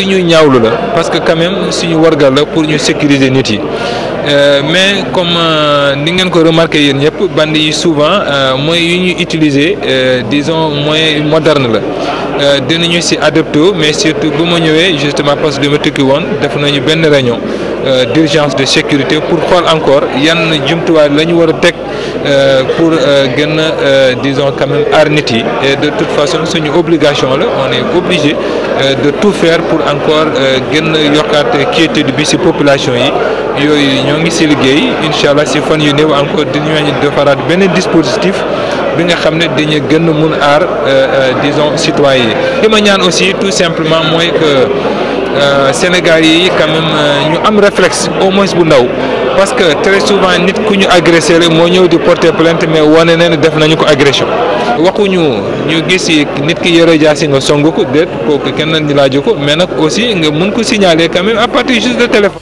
li ñuy ñaawlu la parce que quand suñu wargal la pour ñu sécuriser nit yi euh, mais comme euh, ni ngeen ko remarqué yéen ñëpp band yi souvent euh, moyens yu ñu utiliser disons moyen moderne la dinañu si adapté mais surtout bu ma ñëwee justement parce que ma tukki woon def nañu benn réunion d'urgence de sécurité pour xool encore yan jumtuwaay la ñu war a teg pour gën a disons quand même aar nit yi et de toute façon suñu obligation la on est obligé. Euh, de tout faire pour encore euh, gën a yokkaat quiétude bi ci population yi yooyu ñoo ngi ci liggéey incha allah ci fan yu néew encore di dinañu defaraat benn dispositif bi nga xam ne dañu gën a mun aar euh, dison citoyens yi. li ma ñaan aussi tout simplement mooy que Sénégal yi quand ñu am réflexe au moins bu ndaw. parce que très souvent nit ku ñu agressé rek moo ñëw di porter plainte mais wane na ne def nañu ko agression waxu ñu gis nit ki yore jaasi nga song ko déet kooku kenn laaju ko mais nag aussi nga mun ko signaler quand même à partir juste de téléphone.